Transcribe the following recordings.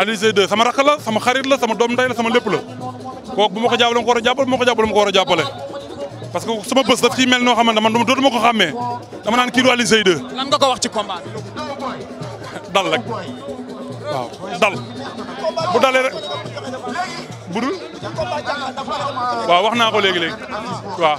Alizé 2 sama rakk la sama xarit la sama doom ndey la sama lépp la kooku bu ma ko jàppale ma ko war a jàppale bu ma ko jàppale ma ko war a jàppale parce que sama bés daf ciy mel noo xamante man dootuma ko xàmmee dama naan kii du Alizé 2. lan nga ko wax ci combat dal rek waaw dal bu dalee rek budul waaw wax naa ko léegi léegi waaw.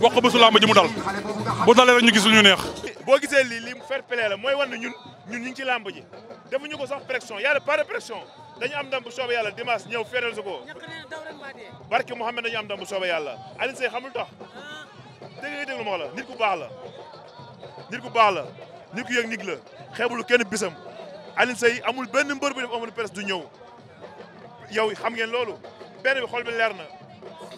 wax ko bésu làmb ji mu dal bu dalee rek ñu gis lu ñu neex. boo gisee lii lii fair play la mooy wan ne ñun ñun ñu ngi ci làmb ji defuñu ko sax pression yàlla pas de pression dañu am ndam bu soobee yàlla dimanche ñëw feeral si ko barke Mouhamed dañu am ndam bu soobee yàlla Alioune Seye xamul tax dégg nga déglu ma la nit ku baax la nit ku baax la nit ku yëg nit la xeebulu kenn bisam Alioune Seye amul benn mbër bu def amul presse du ñëw yow xam ngeen loolu benn bi xol bi leer na.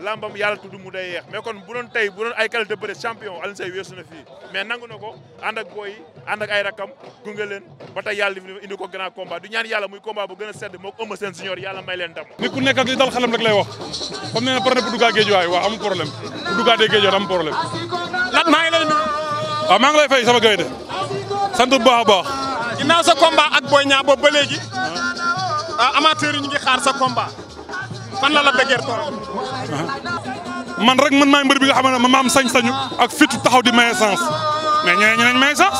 lambam yàlla tudd mu day yeex mais kon bu doon tey bu doon ay qualité bëre champion Alioune Seye weesu na fii mais nangu na ko ànd ak booy ànd ak ay rakam gunge leen ba tey yàlla indi ko grand combat du ñaan yàlla muy combat bu gën a sedd moo ëmb seen junior yàlla may leen ndam nit ku nekk ak li dal xelam rek lay wax comme nee na par bu duggaa géej waay waaw am problème bu duggaa dee géej waay am problème lat maa ngi lay nuyu maa ngi fay sama gay de sant a baax ginnaaw sa combat ak Boy Niang ba ah, fan la Lac de Guiers toll. man rek man maay mbër bi nga xam ne ma am sañ-sañu ak fit taxaw di maye sens mais ñeneen ñi nañ maye sens.